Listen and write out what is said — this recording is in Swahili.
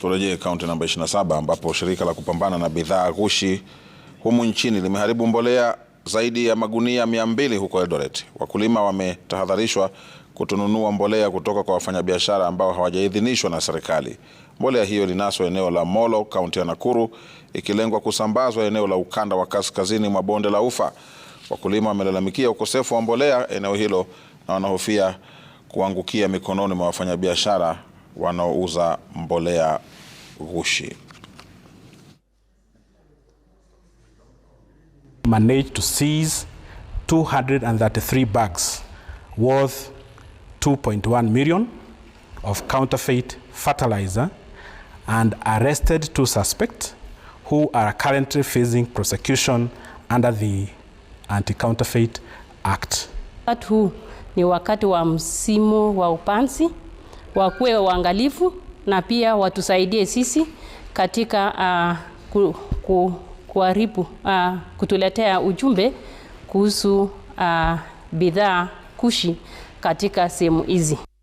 Turejee kaunti namba 27 ambapo shirika la kupambana na bidhaa ghushi humu nchini limeharibu mbolea zaidi ya magunia 200 huko Eldoret. Wakulima wametahadharishwa kutonunua mbolea kutoka kwa wafanyabiashara ambao hawajaidhinishwa na serikali. Mbolea hiyo linaswa eneo la Molo, kaunti ya Nakuru, ikilengwa kusambazwa eneo la ukanda wa kaskazini mwa bonde la Ufa. Wakulima wamelalamikia ukosefu wa mbolea eneo hilo na wanahofia kuangukia mikononi mwa wafanyabiashara wanaouza mbolea ghushi. Managed to seize 233 bags worth 2.1 million of counterfeit fertilizer and arrested two suspects who are currently facing prosecution under the Anti-Counterfeit Act. Watu ni wakati wa msimu wa upanzi wakuwe waangalifu na pia watusaidie sisi katika uh, ku, ku, kuharibu uh, ah, kutuletea ujumbe kuhusu uh, bidhaa kushi katika sehemu hizi.